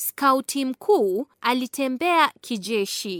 Skauti mkuu alitembea kijeshi.